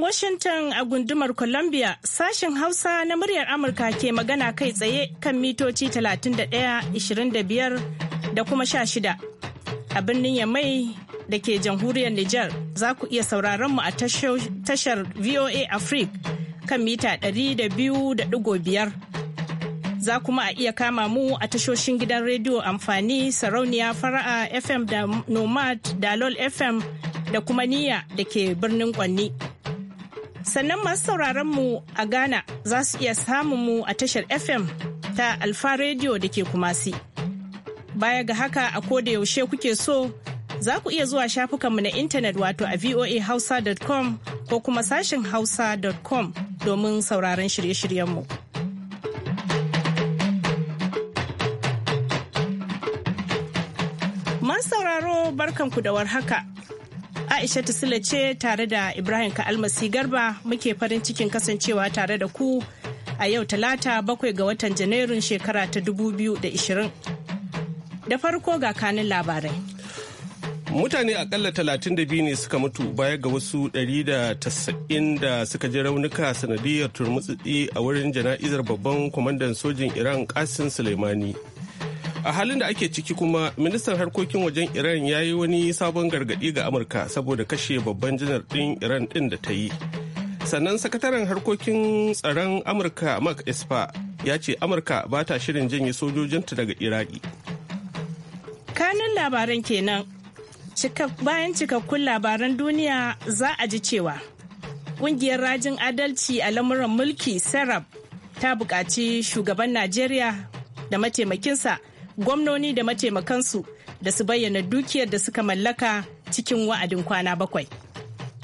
Washington a gundumar Columbia sashen Hausa na muryar Amurka ke magana kai tsaye kan mitoci 31, 25 da kuma 16. A birnin Yamai da ke jamhuriyar Nijar za ku iya sauraron mu a tashar VOA Africa kan mita 200.5. Za kuma a iya kama mu a tashoshin gidan rediyo amfani sarauniya fara'a FM da Nomad da LOL FM da kuma Niyya da ke birnin Kwanni. Sannan masu sauraron mu a Ghana za su iya samun mu a tashar FM ta Alfa Radio da ke Kumasi. Baya ga haka a da yaushe kuke so za ku iya zuwa shafukanmu na intanet wato a voahausa.com ko kuma sashin hausa.com domin sauraron shirye-shiryenmu. Masu sauraro barkanku da war haka. Aisha Sule ce tare da Ibrahim Ka'almasi Garba muke farin cikin kasancewa tare da ku a yau talata bakwai ga watan Janairun shekara ta 2020. Da farko ga kanin labarai. Mutane akalla 32 ne suka mutu baya ga wasu 190 da suka ji raunuka sanadiyar turmutsi a wurin jana'izar babban kwamandan sojin Iran Qasim Soleimani. a halin da ake ciki kuma ministan harkokin wajen iran ya yi wani sabon gargaɗi ga amurka saboda kashe babban janar ɗin iran ɗin da ta yi sannan sakataren harkokin tsaron amurka mark espa ya ce amurka ba ta shirin janye sojojinta daga iraki kanun labaran kenan bayan cikakkun labaran duniya za a ji cewa ƙungiyar rajin adalci a lamuran mulki sarab ta buƙaci shugaban najeriya da mataimakinsa gwamnoni da mataimakansu da su bayyana dukiyar da suka mallaka cikin wa'adin kwana bakwai.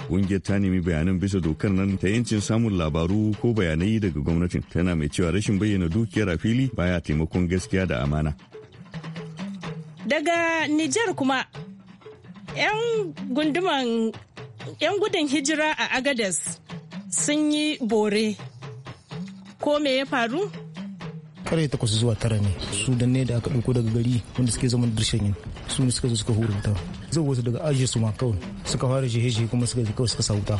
Ƙungiyar ta nemi bayanan bisa dokar nan ta yancin samun labaru ko bayanai daga gwamnatin tana mai cewa rashin bayyana dukiyar a fili baya taimakon gaskiya da amana. Daga Nijar kuma, 'yan gunduman 'yan gudun hijira a Agadez sun yi bore. Ko me ya faru? kare takwas zuwa tara ne su da ne da aka ɗauko daga gari wanda suke zaman da yin su ne suka zo suka hura wuta zai wasu daga aji su ma kawai suka fara shehe kuma suka kawai suka sa wuta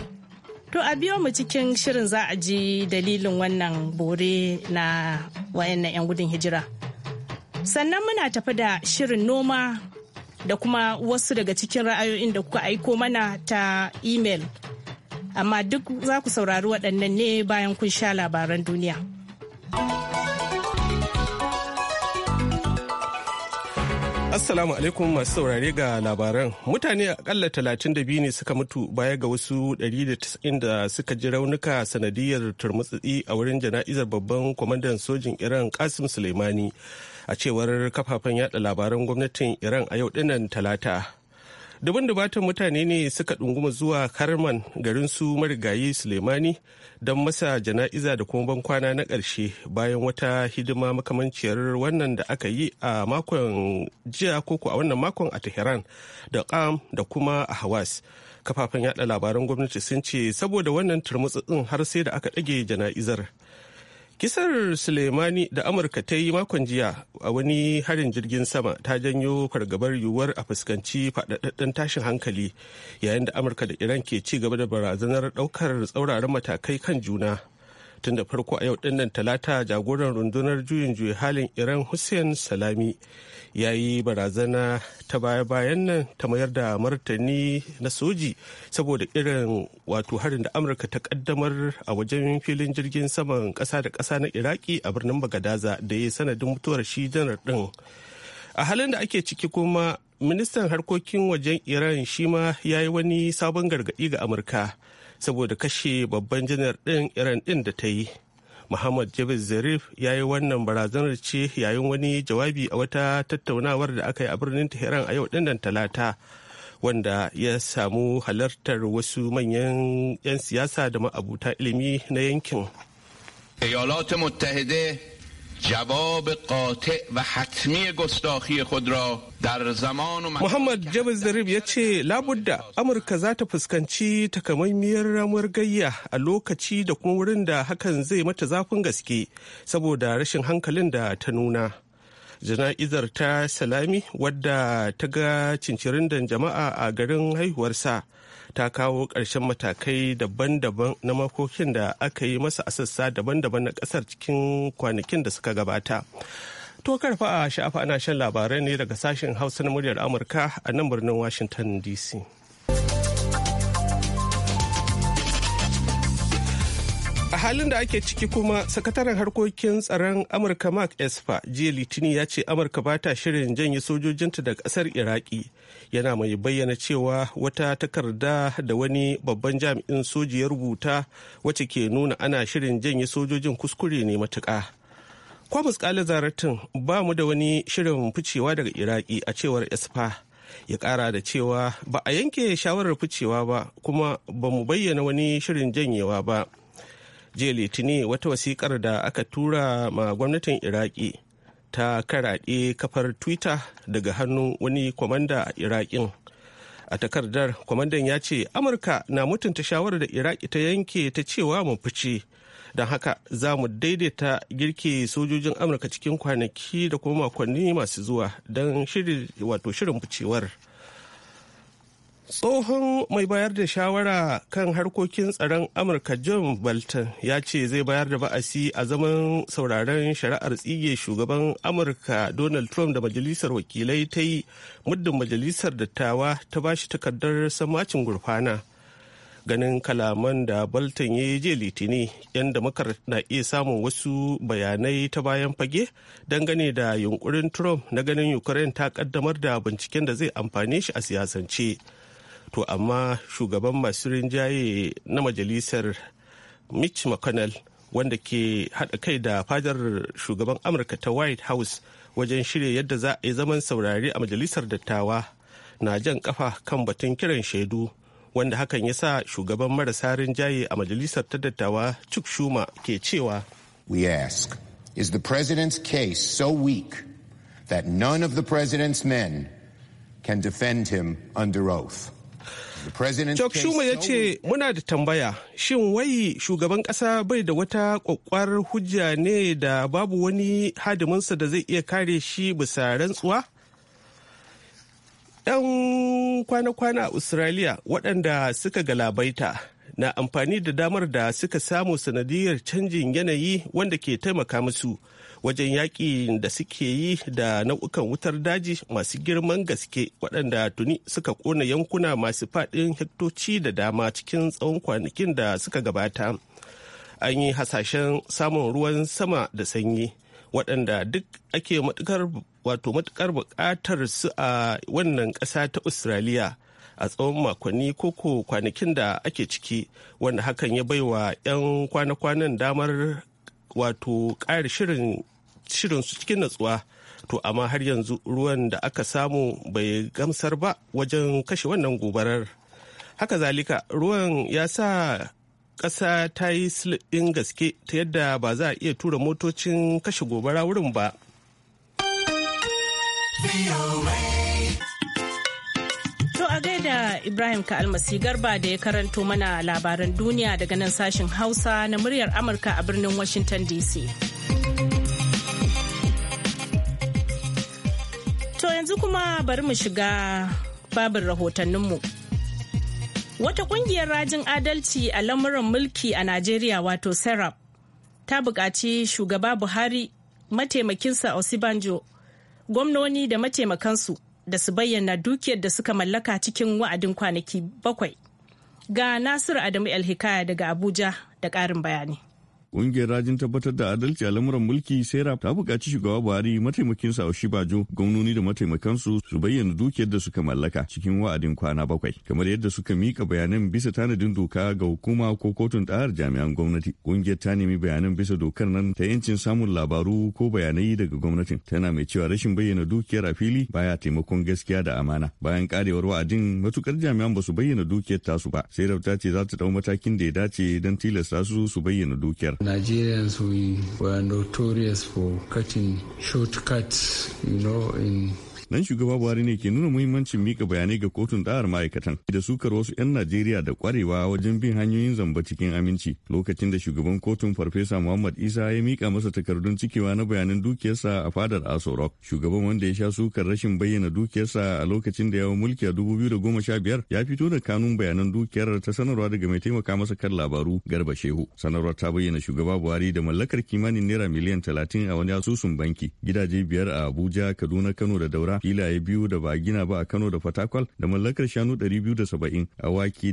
To a biyo mu cikin shirin za a ji dalilin wannan bore na wayannan 'yan gudun hijira. Sannan muna tafi da shirin noma da kuma wasu daga cikin ra'ayoyin da kuka aiko mana ta email. Amma duk za ku saurari waɗannan ne bayan kun sha labaran duniya. Assalamu alaikum masu saurare ga labaran. Mutane akalla biyu ne suka mutu baya ga wasu ɗari da da suka ji raunuka sanadiyar turmutsitsi a wurin jana'izar babban kwamandan sojin Iran kasim Suleimani. A cewar kafafen yada labaran gwamnatin Iran a yau dinnan talata. daban dubatan mutane ne suka ɗunguma zuwa karman garin su marigayi sulemani don masa jana'iza da kuma bankwana na ƙarshe bayan wata hidima makamanciyar wannan da aka yi a makon jiya koko a wannan makon a tehran da kam da kuma a hawas kafafen yada labaran gwamnati sun ce saboda wannan turmutsutsun har sai da aka ɗage jana'izar Kisar Suleimani da Amurka ta yi makon jiya a wani harin jirgin sama ta janyo fargabar yiwuwar a fuskanci faɗaɗɗen tashin hankali yayin da Amurka da Iran ke ci gaba da barazanar ɗaukar tsauraran matakai kan juna tun da farko a yau dinnan talata jagoran rundunar juyin juya halin iran hussein salami ya yi barazana ta baya-bayan nan ta mayar da martani na soji saboda irin wato harin da amurka ta kaddamar a wajen filin jirgin saman kasa da kasa na iraki a birnin bagadaza da ya sanadin mutuwar shi janar din a halin da ake ciki kuma ministan harkokin wajen iran shi ma ya yi wani sabon gargadi ga amurka saboda kashe babban janar ɗin iran ɗin da ta yi muhammad jabir zarif ya yi wannan barazanar ce yayin wani jawabi a wata tattaunawar da aka yi a birnin tehran a yau ɗinnan talata wanda ya samu halartar wasu manyan 'yan siyasa da ma'abuta ilimi na yankin. Eyalat Muttahide جواب قاطع و حتمی گستاخی خود را در زمان و محمد جبل zarif ya ce Labuda amurka za ta fuskanci takamaimiyar ramuwar gayya a lokaci da kuma wurin da hakan zai mata zafin gaske saboda rashin hankalin da ta nuna jana'izar ta salami wadda ta ga cincirindan jama'a a garin haihuwarsa ta kawo ƙarshen matakai daban-daban na makokin da aka yi masa a sassa daban-daban na ƙasar cikin kwanakin da suka gabata. To karfa a sha'afa ana shan labarai ne daga sashen hausa na muryar Amurka a nan birnin Washington DC. a halin da ake ciki kuma sakataren harkokin tsaron amurka mark esper jiya litinin ya ce amurka ba ta shirin janye sojojinta da ƙasar iraki yana mai bayyana cewa wata takarda da wani babban jami'in soji ya rubuta wacce ke nuna ana shirin janye sojojin kuskure ne matuƙa kwamus kala zaratin ba mu da wani shirin ficewa daga iraki a cewar espa ya kara da cewa ba a yanke shawarar ficewa ba kuma ba mu bayyana wani shirin janyewa ba jiya litini wata wasikar da aka tura ma gwamnatin iraki ta karaɗe kafar twitter daga hannun wani kwamanda a iraƙin a takardar kwamandan ya ce amurka na mutunta shawarar da iraki ta yanke ta cewa mu fice don haka za mu daidaita girke sojojin amurka cikin kwanaki da kuma makonni masu zuwa don shirin wato shirin ficewar tsohon mai bayar da shawara kan harkokin tsaron amurka john bolton ya ce zai bayar da ba'asi a zaman sauraron shari'ar tsige shugaban amurka donald trump da majalisar wakilai ta yi muddin majalisar dattawa ta bashi takardar samacin gurfana ganin kalaman da bolton ya je litini yan damakar na iya samun wasu bayanai ta bayan fage dangane da yunkurin trump na ganin ukraine ta kaddamar da binciken da zai amfane shi a siyasance. to amma shugaban masu rinjaye na majalisar mitch mcconnell wanda ke haɗa kai da fadar shugaban amurka ta white house wajen shirya yadda za a yi zaman saurari a majalisar dattawa na jan kafa kan batun kiran shaidu wanda hakan ya sa shugaban marasa rinjaye a majalisar ta dattawa chuck schumer ke cewa we ask is the president's case so weak that none of the president's men can defend him under oath Chuck Schumer ya ce muna da tambaya shin wai shugaban kasa bai da wata kwakwar hujja ne da babu wani hadiminsa da zai iya kare shi bisa rantsuwa? Ɗan kwana-kwana a Australia waɗanda suka galabaita na amfani da damar da suka samu sanadiyar canjin yanayi wanda ke taimaka musu wajen yaƙi da suke yi da nau'ukan wutar daji masu girman gaske waɗanda tuni suka ƙona yankuna masu faɗin hektoci da dama cikin tsawon kwanakin da suka gabata an yi hasashen samun ruwan sama da sanyi waɗanda duk ake matuƙar wato matuƙar buƙatar su a wannan ƙasa ta australia a tsawon makonni koko kwanakin da ake ciki wanda hakan ya baiwa 'yan kwana-kwanan damar wato ƙari shirin su cikin natsuwa to amma har yanzu ruwan da aka samu bai gamsar ba wajen kashe wannan gobarar haka zalika ruwan ya sa ƙasa ta yi ɗin gaske ta yadda ba za a iya tura motocin kashe gobara wurin ba. a gaida Ibrahim ka garba da ya karanto mana labaran duniya daga nan sashin Hausa na muryar Amurka a birnin Washington DC. To yanzu kuma bari mu shiga babin rahotanninmu. Wata kungiyar rajin adalci a lamuran mulki a Najeriya wato Serap ta buƙaci shugaba Buhari mataimakinsa Osibanjo, gwamnoni da mataimakansu da su bayyana dukiyar da suka mallaka cikin wa'adin kwanaki bakwai. Ga Nasiru Adamu El Hikaya daga Abuja da ƙarin bayani. Ƙungiyar rajin tabbatar da adalci a lamuran mulki Sera ta buƙaci shugaba Buhari mataimakin mataimakinsa bajo gwamnoni da mataimakansu su bayyana dukiyar da suka mallaka cikin wa'adin kwana bakwai kamar yadda suka mika bayanan bisa tanadin doka ga hukuma ko kotun ɗahar jami'an gwamnati. Ƙungiyar ta nemi bayanan bisa dokar nan ta yancin samun labaru ko bayanai daga gwamnatin tana mai cewa rashin bayyana dukiyar a fili baya taimakon gaskiya da amana. Bayan karewar wa'adin matukar jami'an ba su bayyana dukiyar tasu ba. Sera ta ce za ta ɗau matakin da ya dace don tilasta su su bayyana dukiyar. Nigerians, we were notorious for cutting shortcuts, you know, in nan shugaba buhari ne ke nuna muhimmancin mika bayanai ga kotun da'ar ma'aikatan da sukar wasu 'yan najeriya da kwarewa wajen bin hanyoyin zamba cikin aminci lokacin da shugaban kotun farfesa muhammad isa ya mika masa takardun cikewa na bayanan dukiyarsa a fadar aso rock shugaban wanda ya sha sukar rashin bayyana dukiyarsa a lokacin da ya mulki a biyar ya fito da kanun bayanan dukiyar ta sanarwa daga mai taimaka masa kan labaru garba shehu sanarwar ta bayyana shugaba buhari da mallakar kimanin naira miliyan talatin a wani asusun banki gidaje biyar a abuja kaduna kano da daura filaye biyu da ba gina ba a Kano da Fatakwal da mallakar shanu 270 a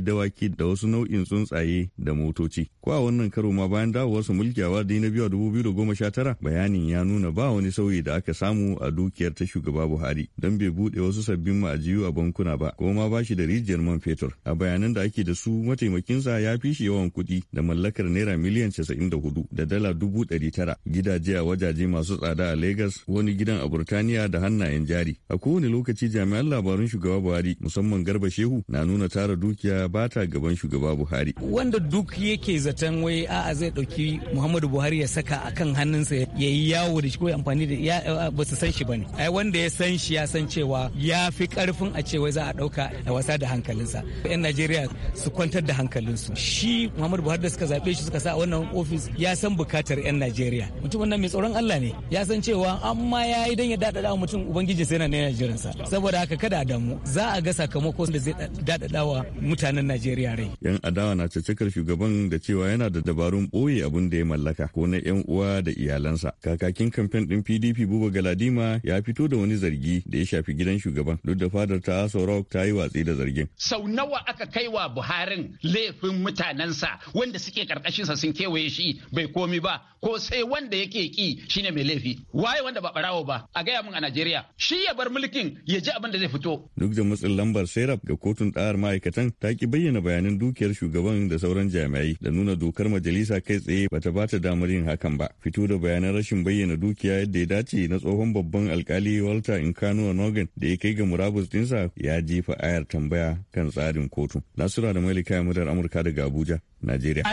dawaki da da wasu nau'in tsuntsaye da motoci. Ko a wannan karo ma bayan dawowarsu mulki a wadi na biyu a 2019 bayanin ya nuna ba wani sauyi da aka samu a dukiyar ta shugaba Buhari don bai bude wasu sabbin ma'ajiyu a bankuna ba ko ma ba shi da rijiyar man fetur. A bayanan da ake da su mataimakinsa ya fi shi yawan kuɗi da mallakar naira miliyan 94 da dala dubu 900 gidaje a wajaje masu tsada a Legas wani gidan a Burtaniya da hannayen jari A kowane lokaci jami'an labarun shugaba Buhari musamman Garba Shehu na nuna tara dukiya ba ta gaban shugaba Buhari. Wanda duk yake zaton wai a'a zai dauki Muhammadu Buhari ya saka a kan hannunsa ya yi yawo da shi ko amfani da ya ba su san shi ne. Ai wanda ya san shi ya san cewa ya fi karfin a cewa za a dauka a wasa da hankalinsa. 'Yan Najeriya su kwantar da hankalinsu. Shi Muhammadu Buhari da suka zaɓe shi suka sa a wannan ofis ya san bukatar 'yan Najeriya. Mutumin nan mai tsoron Allah ne. Ya san cewa amma ya yi don ya daɗaɗa mutum Ubangiji sai ne Najeriya sa saboda haka kada damu za a ga sakamako da zai dadadawa mutanen Najeriya rai yan adawa na cakar shugaban da cewa yana da dabarun boye abin da ya mallaka ko na yan uwa da iyalansa kakakin kamfen din PDP Buba Galadima ya fito da wani zargi da ya shafi gidan shugaban duk da fadar ta Aso Rock ta yi watsi da zargin sau nawa aka kai wa Buharin laifin mutanensa wanda suke karkashin sa sun kewaye shi bai komi ba ko sai wanda yake ki shine mai laifi waye wanda ba barawo ba a gaya mun a Najeriya shi ya bar mulkin ya ji abin da zai fito. Duk da matsin lambar Serap ga kotun ɗayar ma'aikatan ta ki bayyana bayanan dukiyar shugaban da sauran jami'ai da nuna dokar majalisa kai tsaye ba bata bata damar yin hakan ba. Fito da bayanan rashin bayyana dukiya yadda ya dace na tsohon babban alkali Walter Inkano Nogan da ya kai ga murabus dinsa ya jefa ayar tambaya kan tsarin kotu. Nasura da Malika Amurka daga Abuja, Najeriya.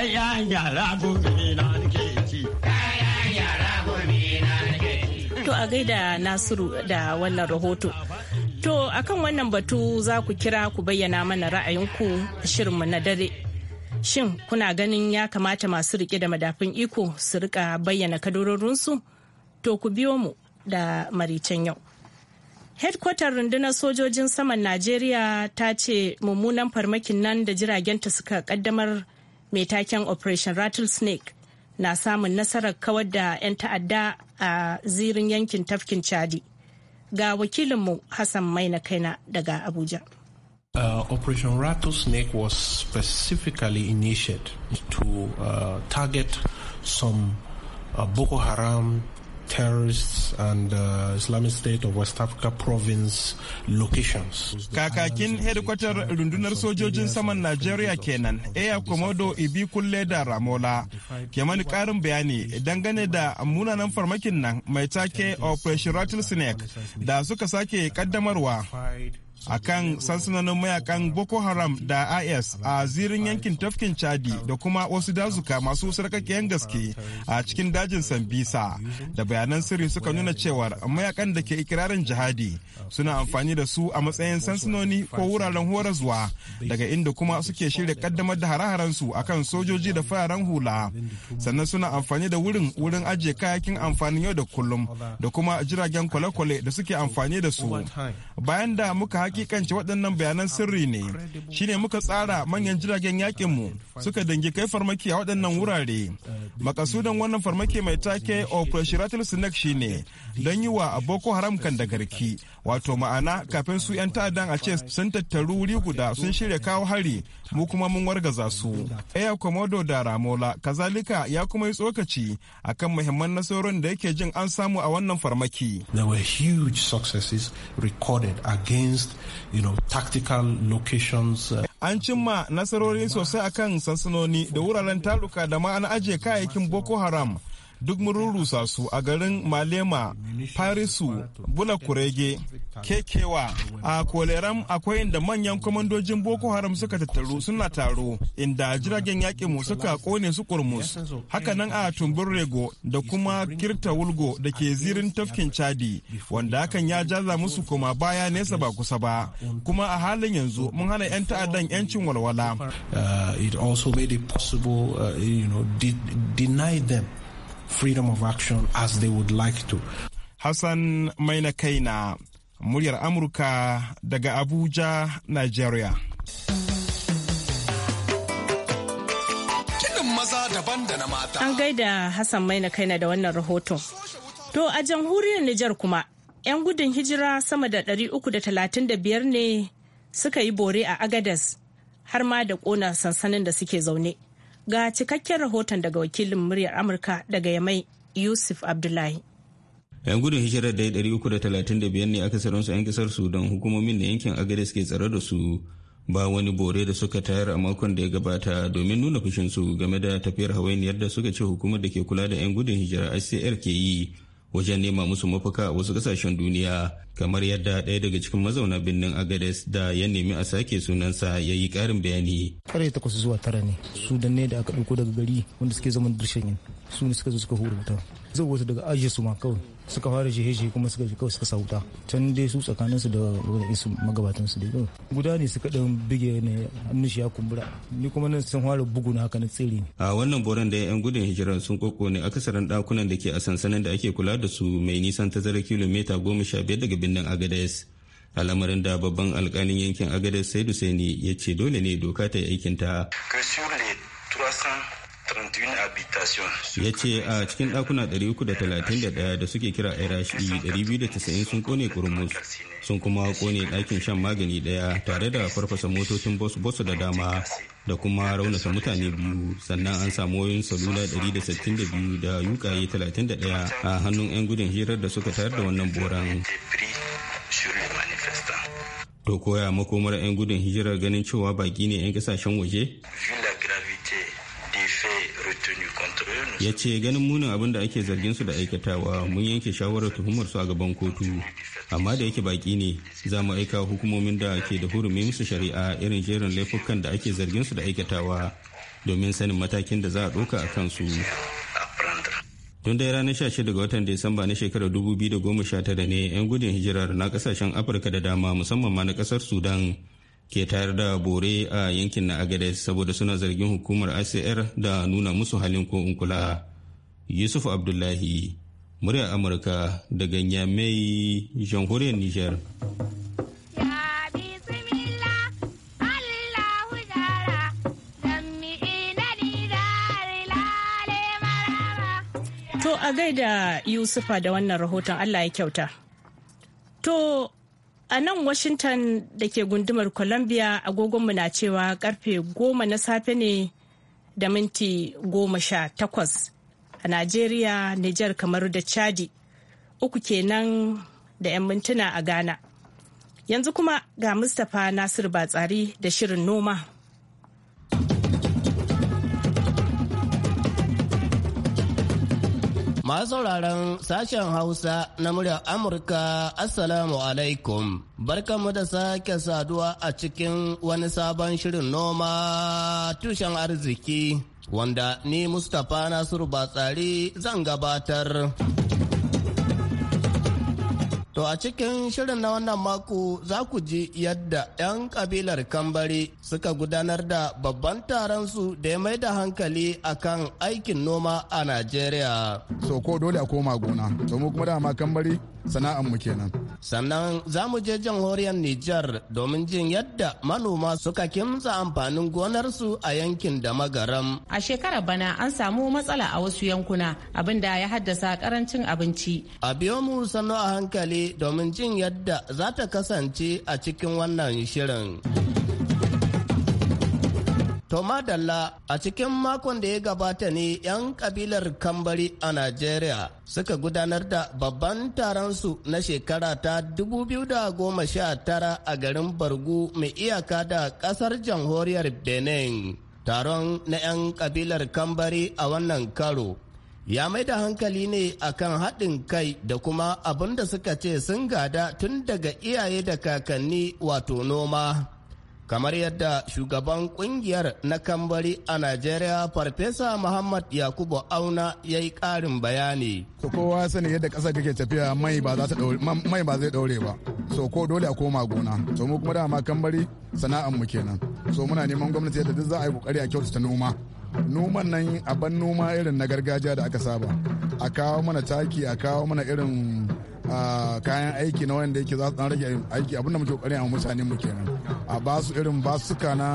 To a gaida Nasiru da wannan rahoto. To akan wannan batu za ku kira ku bayyana mana ra'ayinku shirinmu na dare. Shin kuna ganin ya kamata masu rike da madafin iko su rika bayyana kadurorinsu? To ku biyo mu da maricen yau. Hedkwatar rundunar sojojin saman Najeriya ta ce mummunan farmakin nan da jiragenta suka kaddamar mai taken Operation Rattlesnake na samun nasarar kawar da 'yan ta'adda a zirin yankin tafkin chadi ga wakilinmu hassan na kaina daga abuja Uh, Operation Rattlesnake was specifically initiated to uh, target some uh, Boko Haram terrorists and uh, Islamic State of West Africa province locations. Kakakin hedikwatar rundunar sojojin saman Najeriya kenan, Air Komodo Ibi Kulle da Ramola, ke mani karin bayani dangane da munanan farmakin nan mai take Operation Rattlesnake da suka sake kaddamarwa. a kan sansanonin mayakan Boko Haram da IS a zirin yankin tafkin Chadi da kuma wasu dazuka masu sarƙaƙƙiyar gaske a cikin dajin Sambisa. Da bayanan sirri suka nuna cewar mayakan da ke ikirarin jihadi suna amfani da su a matsayin sansanoni ko wuraren horaswa daga inda kuma suke shirya kaddamar da hare su akan sojoji da fararen hula. Sannan suna amfani da wurin wurin ajiye kayakin amfanin yau da kullum da kuma jiragen kwale-kwale da suke amfani da su. Bayan da muka hakikance waɗannan bayanan sirri ne shine muka tsara manyan jiragen yakin mu suka dangi kai farmaki a waɗannan wurare makasudan wannan farmaki mai take operation rattle snake shine don yi wa boko haram kan da garki wato ma'ana kafin su 'yan ta'addan a ce sun tattaru wuri guda sun shirya kawo hari mu kuma mun wargaza su aya komodo da ramola kazalika ya kuma yi tsokaci akan muhimman nasarorin da yake jin an samu a wannan farmaki there were huge successes recorded against you know, tactical locations. Uh, an cimma nasarori sosai akan sansanoni da wuraren taluka da ma'ana ajiye kayayyakin Boko Haram. duk mun rurrusa su a garin malema Farisu bula kurege kekewa a koleram akwai inda manyan kwamandojin boko haram suka tattaru suna taro inda jiragen yaƙi mu suka kone su kurmus hakanan a tumbin rego da kuma kirta wulgo da ke zirin tafkin chadi wanda hakan ya jaza musu kuma baya nesa ba kusa ba kuma a halin yanzu mun hana 'yan ta'addan 'yancin walwala uh, it also made it possible uh, deny them freedom of action as they would like to. Hassan mai na muryar Amurka daga Abuja, Nigeria. An gaida Hassan maina kaina da wannan rahoton. To a jamhuriyar Nijar kuma, 'yan gudun hijira sama da uku da da talatin biyar ne suka yi bore a Agadas har ma da ƙona sansanin da suke zaune. Ga cikakken rahoton daga wakilin muryar Amurka daga Yamai Yusuf Abdullahi. 'yan gudun hijirar da 335 ne akasarinsu 'yan kasar don hukumomin da yankin agares ke tsare da su ba wani bore da suka tayar a makon da ya gabata domin nuna fushinsu game da tafiyar hawainiyar da suka ce hukumar da ke kula da 'yan gudun hijira hcr ke yi wajen nema musu mafaka a wasu kasashen duniya kamar yadda ɗaya daga cikin mazauna birnin agades da ya nemi a sake sunansa ya yi ƙarin bayani. Kare takwas zuwa tara ne su da ne da aka ɗauko daga gari wanda suke zaman dirshen su ne suka zo suka hura wuta. Zai wata daga ajiye su ma kawai suka fara jihe-jihe kuma suka kawai suka sauta can dai su tsakanin su da isu magabatan su dai guda ne suka dan bige ne hannun shi ya kumbura ni kuma nan sun fara bugu na haka na tsiri ne a wannan boran da yan gudun hijiran sun koko ne akasarin dakunan da ke a sansanin da ake kula da su mai nisan tazara kilomita goma sha biyar daga birnin agadez al'amarin da babban alkalin yankin agadez saidu saini ya ce dole ne doka ta yi aikinta. ta ya ce a cikin ɗakuna 331 da suke kira rashi 290 sun kone kurmus sun kuma kone ɗakin shan magani ɗaya tare da farfasa motocin bosu da dama da kuma raunasa mutane biyu sannan an samu wayoyin salula 162 da yukaye 31 a hannun 'yan gudun hirar da suka tayar da wannan boran to koya makomar 'yan gudun hijirar ganin cewa baki ne 'yan kasashen waje ya ce ganin munin abin da ake zargin su da aikatawa mun yanke shawarar tuhumar su a gaban kotu amma da yake baki ne za mu aika hukumomin da ke da hurumi musu shari'a irin jerin laifukan da ake zargin su da aikatawa domin sanin matakin da za a ɗauka a kansu tun dai ranar 16 ga watan Disamba na shekarar 2019 ne 'yan gudun hijirar na kasashen Afirka da dama musamman ma na kasar Sudan ke tayar da bore a yankin na agades saboda suna zargin hukumar icr da nuna musu halin ko kula yusuf abdullahi murya amurka daga nyamai jamhuriyar niger. To a gaida Yusufa da wannan rahoton Allah ya kyauta. To a nan washington da ke gundumar columbia agogonmu na cewa karfe goma na safe ne da minti goma sha takwas a najeriya nijar kamar da chadi uku kenan da 'yan mintuna a ghana yanzu kuma ga mustapha Nasiru batsari da shirin noma Masu sauraron sashen Hausa na muryar Amurka, Assalamu alaikum. Barkanmu da sake saduwa a cikin wani sabon shirin noma tushen arziki, wanda ni Mustapha Nasiru Batsari zan gabatar. To a cikin shirin na wannan mako za ku ji yadda 'yan kabilar kambari suka gudanar da babban taron su da ya mai da hankali akan aikin noma a Najeriya. So ko dole a koma gona, to mu kuma dama kambari sana'anmu kenan. Sannan za mu je jamhuriyar Nijar domin jin yadda manoma suka kimsa amfanin gonarsu a yankin da magaram. A shekarar bana an samu matsala a wasu yankuna abinda ya haddasa karancin abinci. A biyo mu sannu a hankali domin jin yadda za ta kasance a cikin wannan shirin. Toma Dalla a cikin makon da ya gabata ne 'yan kabilar Kambari a Najeriya suka gudanar da babban taron su na shekara ta 2019 a garin Bargu mai iyaka da kasar jamhuriyar Benin. Taron na 'yan kabilar Kambari a wannan karo ya mai da hankali ne akan haɗin kai da kuma abin da suka ce sun gada tun daga iyaye da kakanni wato noma kamar yadda shugaban kungiyar na kambari a najeriya farfesa muhammad yakubu auna ya yi karin bayani so kowa sani yadda ƙasa kake tafiya mai ba zai daure ba so ko dole a koma gona so mu kuma dama kambari sana'an mu kenan so muna neman gwamnati yadda duk za a yi kokari a kyautata noma noman nan ban noma irin na gargajiya da aka saba a kawo mana taki a kawo mana irin kayan aiki na wanda yake za su dan rage aiki abinda muke kokari a mutane mu kenan a ba su irin basuka na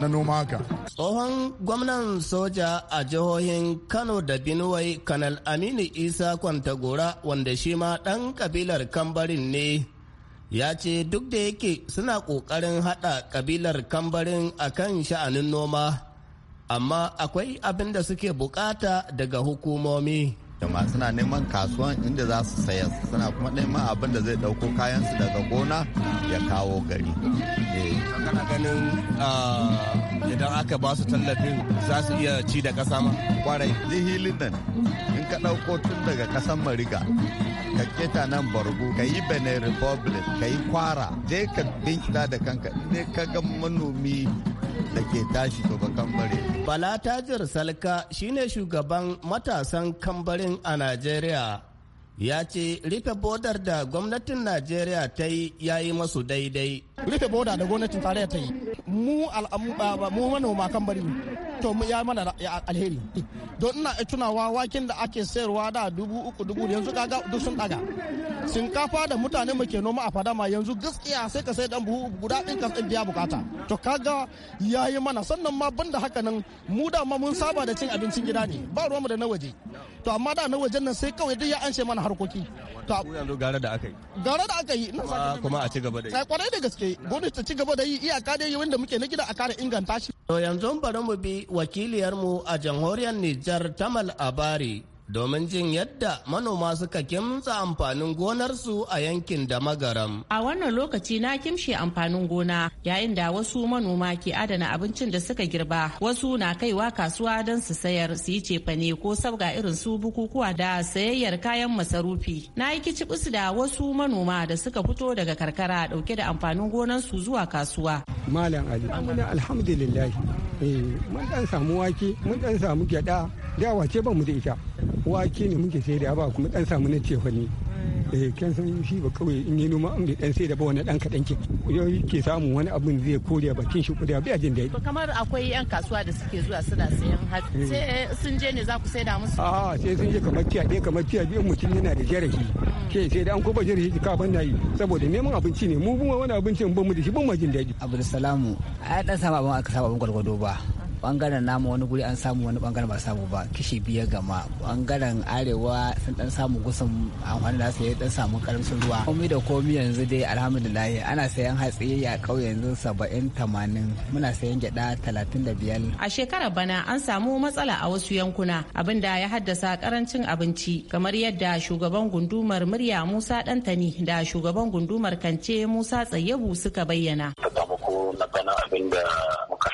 na noma haka tsohon gwamnan soja a jihohin Kano da Binuwai Kanal Aminu Isa Kwantagora wanda shi ma dan kabilar Kambarin ne ya ce duk da yake suna kokarin hada kabilar Kambarin akan sha'anin noma amma akwai abin da suke bukata daga hukumomi jama'a suna neman kasuwan inda za su saya suna kuma neman abin da zai dauko kayansu daga gona ya kawo gari eh. kana ganin ah, idan aka ba su tallafin za su iya ci da kasa ma kwarai jihilin nan in ka dauko tun daga kasan mariga ka keta nan bargu ka yi benin republic ka yi kwara je ka binkita da kanka ne ka ga manomi da ke tashi zuba kambare. Bala Tajir Salka shine shugaban matasan kambarin a Najeriya. Ya ce rufe bodar da gwamnatin Najeriya ta yi ya yi masu daidai. rufe boda da gwamnatin tarayya ta yi mu mu manoma kan bari to ya mana alheri don ina tunawa wakin da ake sayarwa da dubu uku dubu yanzu kaga duk sun daga kafa da mutane mu ke noma a fadama yanzu gaskiya sai ka sai dan buhu guda din ka biya bukata to kaga yayi mana sannan ma banda haka nan mu da ma mun saba da cin abincin gida ne ba ruwanmu da na waje to amma da na wajen nan sai kawai duk ya anshe mana harkoki to yanzu gara da aka yi gara da aka yi kuma a ci gaba da kwarai da gaske dai gwamnati ta ci gaba da yi iyaka dai wanda muke na gida a kara inganta shi. To yanzu bari mu bi wakiliyarmu a jamhuriyar Nijar Tamal Abari domin jin yadda manoma suka kimsa amfanin gonarsu a yankin da magaram. A wannan lokaci na kimshe amfanin gona yayin da wasu manoma ke adana abincin da suka girba wasu na kaiwa kasuwa don su sayar su yi cefane ko sabga irin su bukukuwa da sayayyar kayan masarufi. Na yi kicibis da wasu manoma da suka fito daga karkara dauke da amfanin gonarsu zuwa kasuwa. Malam Ali, alhamdulillah. Eh, mun dan samu wake, mun dan samu gyada, da wace ba mu da ita wake ne muke sai da ba kuma dan samu na cefani mm. eh kan san shi ba kawai in yi noma an bai dan sai da ba wani dan kadan ke yau ke samu wani abin zai ba kin shi kudi ba ajin da kamar akwai yan kasuwa da suke zuwa suna sayan hatsi mm. sai eh, sun je ne za ku sai da musu a sai sun je kamar tiya ɗaya kamar tiya biyu mutum yana da jarahi mm. ke sai da an kuma jarahi ka ban yi saboda neman abinci ne mu buma wani abincin ban mu da shi ban ma jin daɗi salamu a dan sama ban aka saba ban gwargwado ba bangaren namu wani guri an samu wani bangaren ba samu ba kishi biyar gama bangaren arewa sun dan samu gusun amfani da su ya dan samu karamcin ruwa komai da komi yanzu dai alhamdulillah ana sayan hatsi a ƙauye yanzu saba'in tamanin muna sayan gyada talatin da biyar a shekarar bana an samu matsala a wasu yankuna abin da ya haddasa karancin abinci kamar yadda shugaban gundumar murya musa dantani da shugaban gundumar kance musa tsayebu suka bayyana na abin da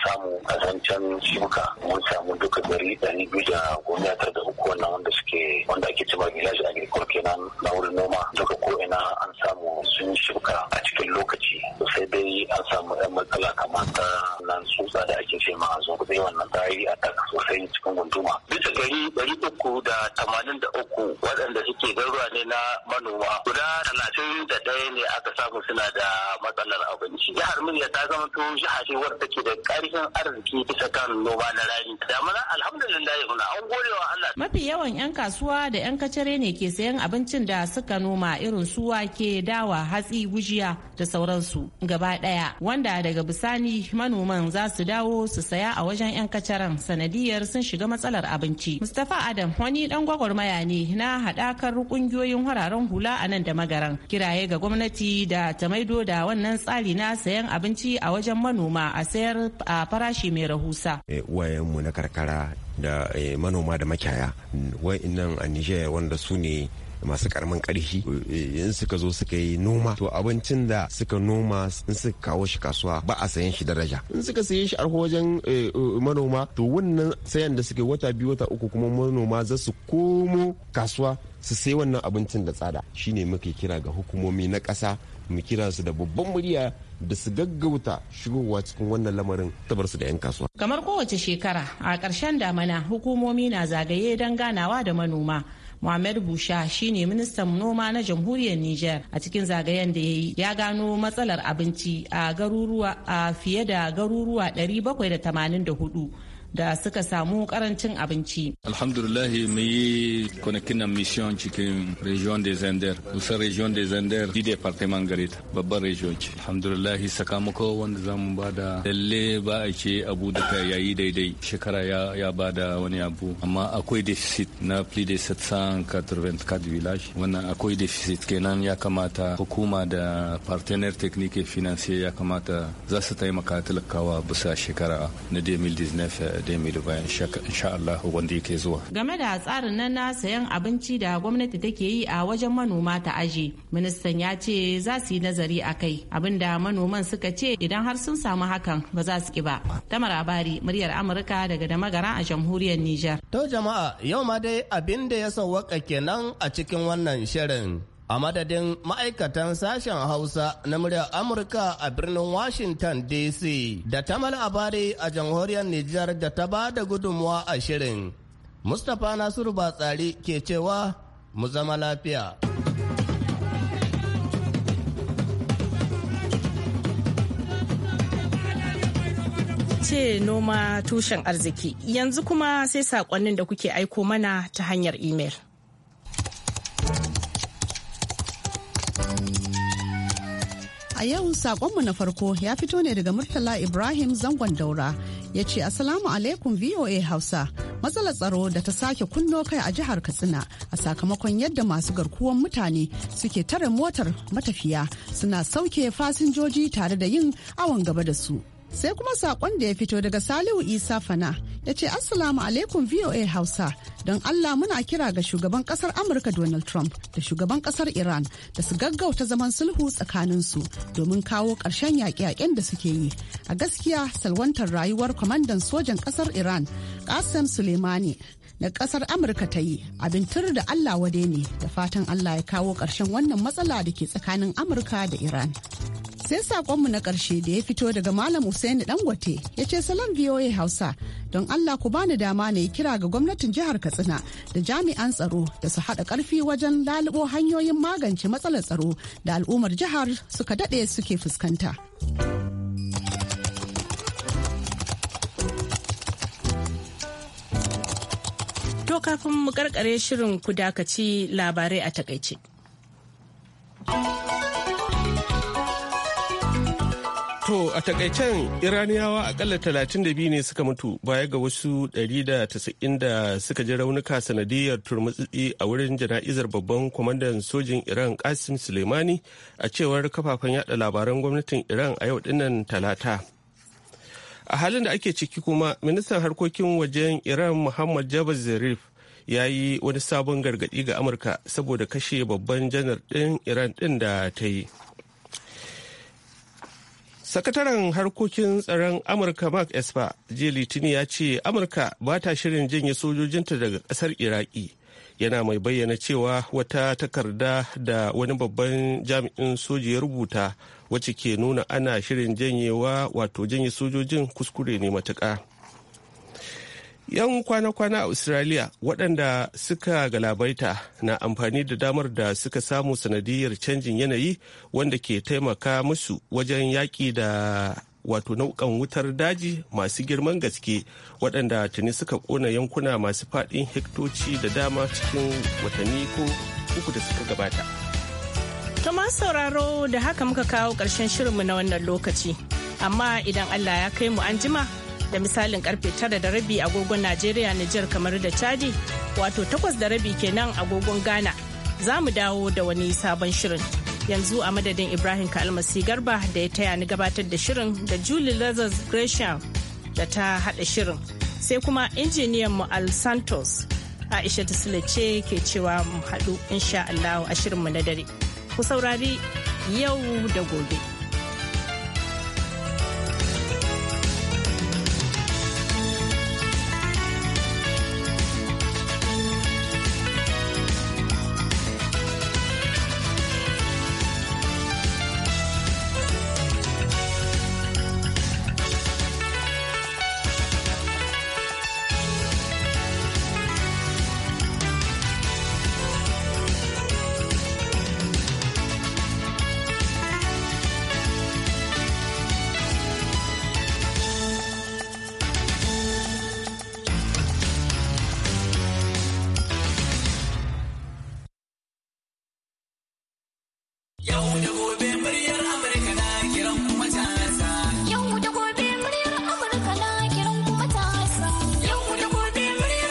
samu a zancen shuka mun samu duka gari ɗari biyu da goma tara da uku wannan wanda suke wanda ake cewa village agricole kenan na wurin noma duka ko ina an samu sun shuka a cikin lokaci sai dai an samu yan matsala kamar ta nan tsutsa da ake ce ma zo kudai wannan ta yi a attack sosai cikin gunduma bisa gari ɗari uku da tamanin da uku waɗanda suke garuwa ne na manoma guda talatin da ɗaya ne aka samu suna da matsalar abinci jihar murya ta zama to jiha ce wadda take da ƙarfi tattalin arziki bisa kan noma na rani mana alhamdulillah an wa Allah mafi yawan yan kasuwa da yan kacare ne ke sayan abincin da suka noma irin su wake dawa hatsi gujiya da sauransu gaba daya wanda daga bisani manoman za su dawo su saya a wajen yan kacaren sanadiyar sun shiga matsalar abinci Mustapha Adam wani dan gwagwarmaya ne na haɗakar kungiyoyin hararen hula a nan da magaran kiraye ga gwamnati da ta maido da wannan tsari na sayan abinci a wajen manoma a sayar a farashi mai rahusa. Eh, mu na karkara da eh, manoma da makyaya wa'innan a Nijar wanda su ne masu karamin karfi eh, in suka zo suka yi noma to abincin da suka noma in suka kawo shi kasuwa ba a sayan shi daraja in suka saye shi a wajen manoma to wannan sayan da suke wata biyu wata uku kuma manoma za su komo kasuwa su sai wannan abincin da tsada shine muke kira ga hukumomi na ƙasa mu kira su da babban murya da su gaggauta shigowa cikin wannan lamarin tabarsu da 'yan kasuwa. Kamar kowace shekara a ƙarshen damana hukumomi na zagaye don ganawa da manoma. Muhammadu Busha shine ministan noma na jamhuriyar Nijar a cikin zagayen da ya yi ya gano matsalar abinci a garuruwa a fiye da garuruwa 784 da suka samu karancin abinci. Alhamdulillah mu yi kwanakin mission cikin region de Zender, kusan region de Zender di departement gare ta babban region ce. Alhamdulillah sakamako wanda za mu ba da lalle ba a ce abu da ta yayi daidai shekara ya, ba da wani abu amma akwai deficit na pli de 784 village wannan akwai deficit kenan ya kamata hukuma da partenaire technique et financier ya kamata za su taimaka talakawa bisa shekara na 2019 dai mai insha Allah wanda yake zuwa. Game da tsarin nan na sayan abinci da gwamnati take yi a wajen manoma ta aji. Ministan ya ce za su yi nazari a kai abinda manoman suka ce idan har sun samu hakan ba za su ki ba. Tamar Abari muryar Amurka daga da magara a jamhuriyar Nijar. To jama'a yau ma dai abin da ya sauwaka kenan a cikin wannan shirin. a madadin ma'aikatan sashen hausa na muryar amurka a birnin washington dc da tamal labari a jamhuriyar nijar da ta ba da gudunmuwa a shirin mustapha nasiru batsari ke cewa mu zama lafiya ce noma tushen arziki yanzu kuma sai saƙonnin da kuke aiko mana ta hanyar imel. A yau sakonmu na farko ya fito ne daga Murtala Ibrahim zangon daura ya ce Assalamu alaikum VOA Hausa. Matsalar tsaro da ta sake kunno kai a jihar Katsina a sakamakon yadda masu garkuwan mutane suke tare motar matafiya suna sauke fasinjoji tare da yin awon gaba da su. sai kuma sakon da ya fito daga salihu isa fana ya ce assalamu alaikum voa hausa don allah muna kira ga shugaban kasar amurka donald trump da shugaban kasar iran da su gaggauta zaman sulhu tsakaninsu domin kawo ƙarshen yaƙe-yaƙen da suke yi a gaskiya salwantar rayuwar kwamandan sojan kasar iran qasem suleimani da kasar amurka ta yi abin tur da allah wade ne da fatan allah ya kawo ƙarshen wannan matsala da ke tsakanin amurka da iran sai saƙonmu na ƙarshe da ya fito daga malam usaini dangote ya ce salon voa hausa don allah ku bani dama ne kira ga gwamnatin jihar katsina da jami'an tsaro da su haɗa ƙarfi wajen lalubo hanyoyin magance matsalar tsaro da al'ummar jihar suka daɗe suke fuskanta. kafin mu karkare shirin ku dakaci labarai a takaice. To a takaicen Iraniyawa akalla 32 ne suka mutu baya ga wasu 190 da suka ji raunuka sanadiyar turmutsitsi a wurin jana'izar babban kwamandan sojin Iran Qasim Suleimani a cewar kafafen yada labaran gwamnatin Iran a yau dinnan talata. A halin da ake ciki kuma ministan harkokin wajen Iran Muhammad Jabal Zarif ya yi wani sabon gargadi ga amurka saboda kashe babban janar din iran din da ta yi sakataren harkokin tsaron amurka mark esper jiya litini ya ce amurka ba ta shirin janye sojojinta daga kasar iraki yana mai bayyana cewa wata takarda da wani babban jami'in soji ya rubuta wacce ke nuna ana shirin janyewa wato janye sojojin kuskure ne matuka. 'Yan kwana-kwana a Australia waɗanda suka galabaita na amfani da damar da suka samu sanadiyar canjin yanayi wanda ke taimaka musu wajen yaƙi da wato nau'kan wutar daji masu girman gaske waɗanda tuni suka ƙona yankuna masu faɗin hektoci da dama cikin watanni ko uku da suka gabata. Tama sauraro da haka muka kawo ƙarshen shirinmu na wannan lokaci, amma idan Allah ya kai mu an jima da misalin karfe tara da rabi agogon Najeriya Nijar kamar da Chadi wato takwas da rabi kenan agogon Ghana za mu dawo da wani sabon shirin. Yanzu a madadin Ibrahim Kalmasi Garba da ya taya ni gabatar da shirin da Julie Lazarus Gresham da ta hada shirin sai kuma injiniyan mu Al Santos Aisha Sule ce ke cewa mu haɗu insha Allah a mu na dare. Ku saurari yau da gobe.